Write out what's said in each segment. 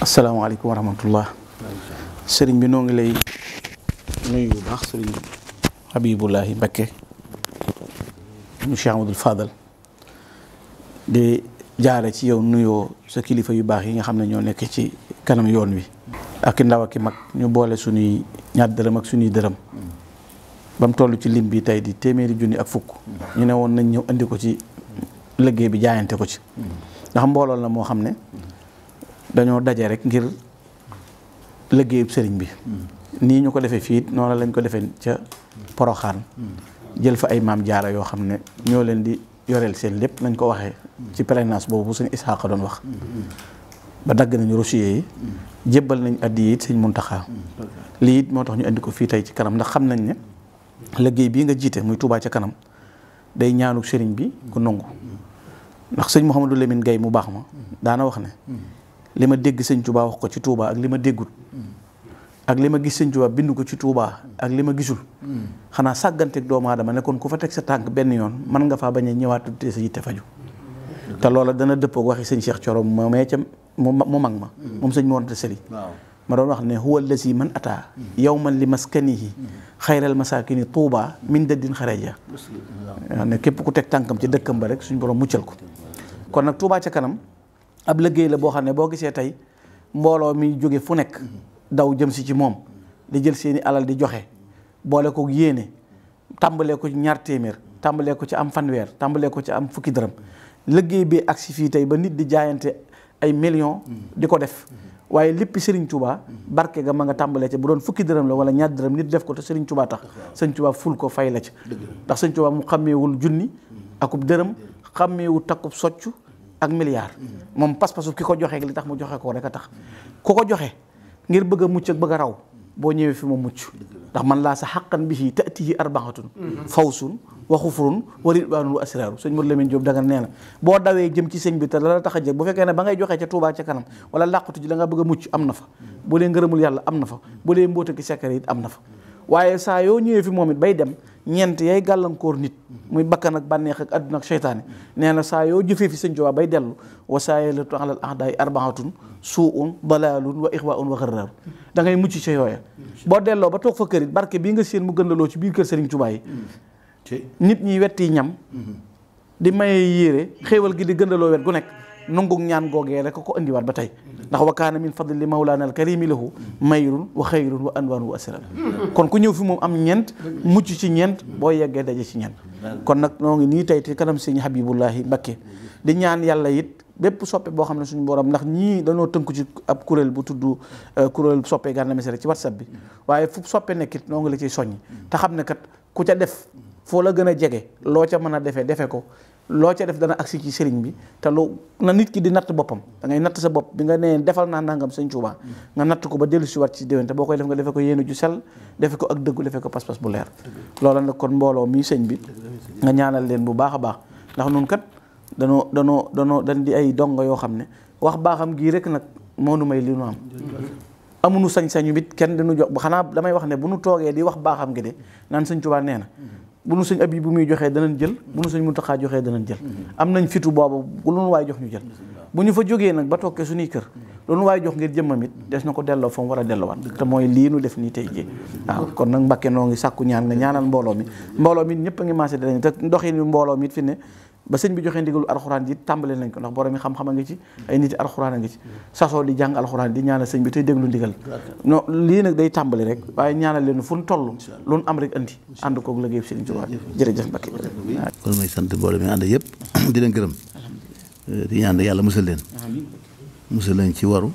asalaamaaleykum wa rahmatullah sëriñ bi noo ngi lay nuyu bu baax sëriñ Habibullahi Mbakke mu Cheikh Amadou Fadal di jaare ci yow nuyoo sa kilifa yu baax yi nga xam ne ñoo nekk ci kanam yoon wi ak ndaw ki mag ñu boole suñuy ñaar dërëm ak suñuy dërëm ba mu ci lim bi tey di téeméeri junni ak fukk ñu ne woon nañ ñëw indi ko ci liggéey bi jaayante ko ci ndax xam mbooloo la moo xam ne dañoo daje rek ngir liggéeyub sëriñ bi nii ñu ko defee fii noonu lañ ko defee ca Poroxaan jël fa ay maam jaara yoo xam ne ñoo leen di yoreel seen lépp nañ ko waxee ci prénance boobu suñu Isaaqa doon wax ba dagg nañu rochier yi jébbal nañ addi yi it sëñ Muntaxa lii it moo tax ñu indi ko fii tey ci kanam ndax xam nañ ne liggéey bii nga jiite muy Tuubaa ca kanam day ñaanu sëriñ bi ku nangu ndax sëñ Mouhamadou Lamine Gaye mu baax ma daana wax ne li ma dégg sëñ tubaa wax ko ci Touba ak li ma déggut ak li ma gis sëñ Touba bind ko ci Touba ak li ma gisul xanaa sàgganteeg doomu aadama nekkoon ku fa teg sa tànk benn yoon man nga faa bañ a ñëwaat te sa yitte faju te loola dana dëppoo waxi sëñ Cheikh Thioro ma mee ca mu mag ma moom sëñ Mor Anta Sali ma doon wax ne huwa allazi man ataa man li maskanihi xayral masakini tuuba min daddin xaraja ne képp ku teg tànkam ci dëkkam ba rek suñ borom muccal ko kon nag tuuba ca kanam ab liggéey la boo xam ne boo gisee tey mbooloo mi jóge fu nekk daw jëm si ci moom di jël seeni alal di joxe boole ko yéene tàmbalee ko ñaar téeméer tàmbalee ko ci am fanweer tàmbalee ko ci am fukki dërëm liggéey bi ak si fii tey ba nit di jaayante ay millions di ko def waaye lépp Serigne Touba barke ga ma nga tàmbalee ca bu doon fukki dërëm la wala ñaar dërëm nit def ko te Serigne Touba tax Serigne Touba ful ko fay la ca ndax Serigne Touba mu xàmmeewul junni mm-hmm. akub dërëm xàmmeewul takkub soccu ak milliard mm-hmm. moom pas-pasu ki ko joxee li tax mu joxe ko rek a tax ku ko joxe ngir bëgg a mucc ak bëgg raw boo ñëwee fi mu mucc ndax man laa sa xàqan bi si taatihi arbaxatun mm-hmm. fawsun waxu xufurun wa ridwanun wa asraaru sëñ Mor Lamine Diop daga nee na boo dawee jëm ci sëñ bi te la tax a jëg bu fekkee ne ba ngay joxee ca Touba ca kanam wala làqutu ji la nga bëgg a mucc am na fa bu lee ngërëmul yàlla am na fa bu lee mbóota ki sekkare it am na fa waaye saa yoo ñëwee fi moom it bay dem ñeent yay gàllankoor nit muy bakkan ak bànneex ak àdduna ak seytaane nee na saa yoo jëfee fi sëñ Tuubaa bay dellu wa saayalatu alal ahdaay arbaatun suun dalaalun wa ixwaun wa xarraar da ngay mucc ca yooya boo delloo ba toog fa kër it barke bii nga séen mu gën la loo ci biir kër Sëriñ Tuubaa yi nit ñi wetti ñam di maye yére xéewal gi di gëndaloo wet gu nekk nungug ñaan googee rek ko indiwaat ba tey ndax wa kaana min fadli mawlaana alkarimi lahu mayrun wa xayrun wa anwaan wa asiran kon ku ñëw fi moom am ñeent mucc ci ñeent boo yeggee daje ci ñeent kon nag noo ngi nii tey te kanam sëñ Habibullahi Mbakke di ñaan yàlla it bépp soppe boo xam ne suñu borom ndax ñii dañoo tënku ci ab kuréel bu tudd euh, kuréel soppe Gana Messere ci whatsapp bi waaye fu soppe nekkit noo la ciy soññ te xam ne foo la gën a jege loo ca mën a defee defe ko loo ca def dana agsi ci sëriñ bi te lu na nit ki di natt boppam da ngay natt sa bopp bi nga nee defal naa nangam sëñ Tuubaa nga natt ko ba dellu si waat ci déwén boo koy def nga defe ko yéene ju sel defe ko ak dëggu defe ko pas-pas bu leer loola nag kon mbooloo muy sëñ bi nga ñaanal leen bu baax a baax ndax nun kat danoo danoo danoo dañ di ay dongo yoo xam ne wax baaxam gii rek nag moo nu may li nu am amuñu sañ-sañu bit kenn dañu jox xanaa damay wax ne bu nu toogee di wax baaxam gi de naan sëñ Tuubaa nee na bu nu sëñ abi bu muy joxee danañ jël bu nu sëñ Muntaxa joxee danañ jël am nañ fitu boobu bu loolu waay jox ñu jël bu ñu fa jógee nag ba tokkee suñuy kër loolu waay jox ngir jëmmam it des na ko delloo fa mu war a dellowaat te mooy lii nu def nii tey jii waaw kon nag Mbàkke noo ngi sàkku ñaan nga ñaanal mbooloo mi mbooloo mi ñëpp a ngi maase danañ te doxin mbooloo mi it fi ne ba sëñ bi joxee ndigalu alxuraan ji tàmbale nañ ko ndax borom yi xam-xam a ngi ci ay nit yi alxuraan a ngi ci sasoo di jàng alxuraan di ñaanal sëñ bi te tey déglu ndigal non lii nag day tàmbale rek waaye ñaanal leen fu ñu toll lu ñu am rek andi ànd koog liggéey sëñ Tuubaa jërëjëf Mbakke kon may sant boole mi ànd yëpp di leen gërëm di ñaan yàlla musal leen musal leen ci waru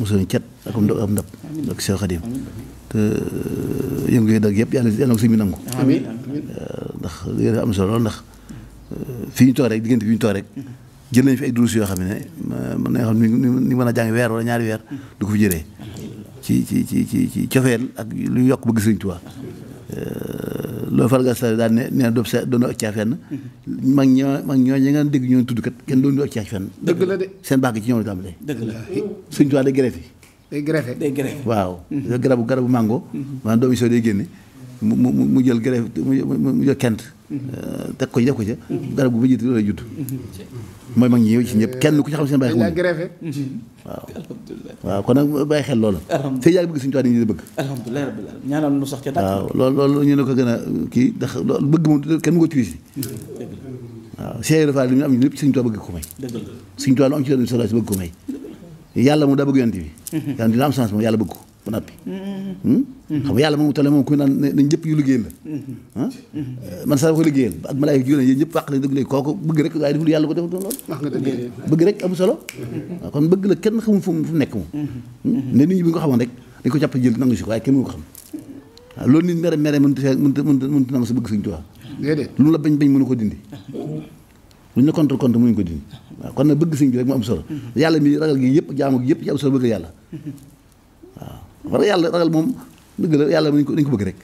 musal leen cet ak am ndab ak Seex Xaadim te yëngu yi dag yëpp yàlla yàlla sëñ bi nangu ndax am solo ndax fi ñu toog rek diggante fi ñu toog rek jël nañ fi ay durus yoo xam ne mën nañoo xam ni ni mën a jàng weer wala ñaari weer du ko fi jëlee ci ci ci ci ci cofeel ak lu yokk bëgg Sëriñ Tuubaa euh, loolu fargas la daal ne nee na doon sa doon ak caa fenn ñoo ñi nga dégg ñoon tudd kenn doon ak caa fenn dëgg de seen baax gi ci ñoom dëgg la Sëriñ Tuubaa day greffé day greffé day greffé waaw mhm. garabu garabu mango mhm. maanaam doomi soo day génne mu mu mu jël greffé mu jël kent Euh, teg ko ci def ko ca garab gu ba jiitu lay judd mooy mag ñi yow ci ñëpp kenn ku ci xam seen bàyyi xel waaw waaw kon nag bàyyi xel loola sëy yàgg bëgg suñu tuwi dañu di bëgg alhamdulilah rabbil alamin ñaanal nu sax ca waaw loolu loolu ñu ne ko gën a kii ndax loolu bëgg moom kenn mu ko cuisi waaw seeri dafa li ñu am ñu lépp suñu tuwi bëgg ko bi yàlla moom daa bëgg yonent bi yàlla bëgg ko ba noppi. Hmm? xam nga yàlla moom tale moom ku naan nañ ñëpp yu liggéeyal la. Hmm? Eh, man sax ko liggéeyal ak malaayika yu ne yéen ñëpp wax la dëgg léegi kooku bëgg rek waaye deful yàlla ko defal doon loolu. wax nga dëgg bëgg rek am solo. waaw ah, kon bëgg la kenn xamul fu mu nekk moom. Hmm? ne nit ñi bi nga xamoon rek dañ ko jàpp jël nangu si ko waaye kenn mënu ko xam. waaw ah, loolu nit mere mere mënut a mënut a a nangu sa bëgg Sëñ Tuubaa. déedéet lu la bañ bañ mënu ko dindi. lu ñu la contre contre mënuñ ko dindi. Ah, kon nag bëgg sëñ bi rek mu am yàlla mi ragal gi yëpp jaamu yëpp ci am wala yàlla ragal moom dëgg la yàlla nañ ko nañ ko mhm. bëgg rek.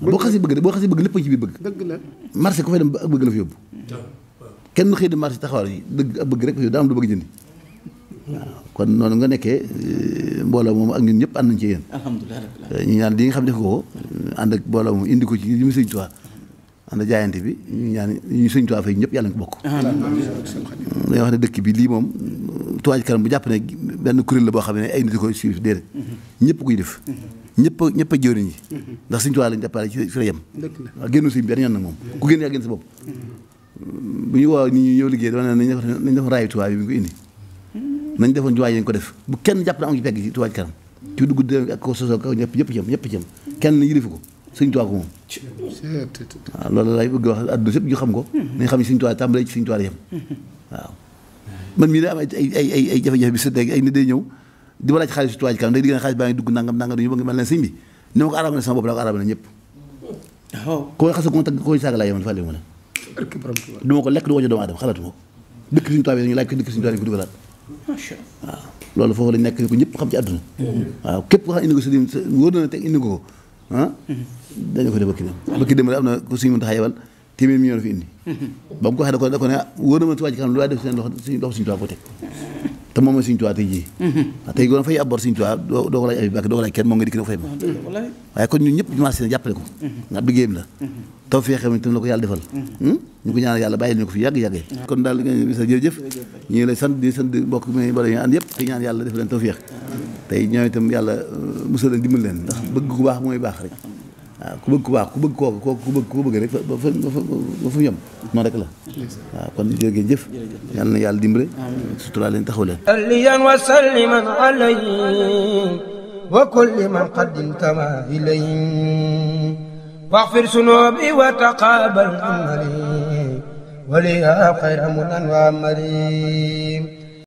boo xasee bëgg boo bëgg lépp ci biir bëgg. dëgg la marché ku fay dem ak bëgg la fi yóbbu. kenn xëy di marché taxawaar yi dëgg bëgg rek daa am kon noonu nga nekkee eh, mbooloo moom ak ñun ñëpp ànd nañ ci yéen. alhamdulilah eh, ñu ñaan li nga xam ne def ko eh, ànd ak mbooloo moom indi ko ci li mu sëñ Tuubaa ànd jaayante bi ñu ñaan ñu sëñ Tuubaa fay ñëpp yàlla ñu ko bokk. dañoo wax ne dëkk bi lii moom Tuubaa ci bu jàpp ne benn kuréel la boo xam ne ay nit ko suivre déedéet ñëpp koy def ñëpp a ñëpp a jëriñ yi ndax suñu tubaab lañu départ ci fi la yem waaw génn suñ benn yoon nag moom ku génn yaa génn sa ko indi nañ defoon ko def bu kenn jàpp na am ci pegg ci tubaab ci kanam ci dugg dé ak ko sosoo ko ñëpp ñëpp jëm ñëpp jëm kenn yilifu ko suñ tubaab ko moom waaw loolu lay bëgg wax adduna sëpp ñu xam ko nañ xam ne suñ tàmbalee ci suñ tubaab waaw man mii da am ay ay ay jafe-jafe bi sa ay nit ñëw di ma laaj xaalis ci tuwaay kanam day diggante xaalis baa ngi dugg nangam nangam dañu bëgg mel ne sëñ bi ni ma ko arabal sama bopp laa ko arabal ñëpp waaw koo la du ma ko lekk du wàññi doomu aadama xalaatu ma ko dëkk suñu tuwaay bi dañu laaj ko dëkk suñu tuwaay bi ko dugalaat waaw loolu foofu lañ nekk ko ñëpp xam ci àdduna waaw képp ko xam indi def seen loxo suñu loxo ko teg te moom mooy Sëriñ Tuubaa tey jii waaw mhm. ah, tey goon fay ab bor Sëriñ Tuubaa doo ko laaj ay bàkk doo ko laaj kenn moom nga dikk doo ko fay moom waaye kon ñun ñëpp marché na jàppale ko mhm. nga ab liggéeyam la mhm. taw fee tam la ko yàlla defal hmm? ñu ko ñaanal yàlla bàyyi ñu ko fi yàgg-yàgg ah. kon daal nga sa jërëjëf ñu lay sant di sant mbokk mi bala ñu ànd yëpp te ñaan yàlla def leen ah. tey ñoom itam yàlla euh, musal dimbal leen ndax bëgg ku baax mooy baax rek waaw ku bëgg ku baax ku bëgg kooku kooku ku bëgg ku bëgg rek ba fa ba fa yem noonu rek la waaw kon jërëjëf yal na yàlla dimbale sutura leen taxaw leen salliyan wa salliman alayhi wa kulli man qaddimtama ilayhi waghfir sunubi wa taqabbal amali wa liya khayra munan wa amali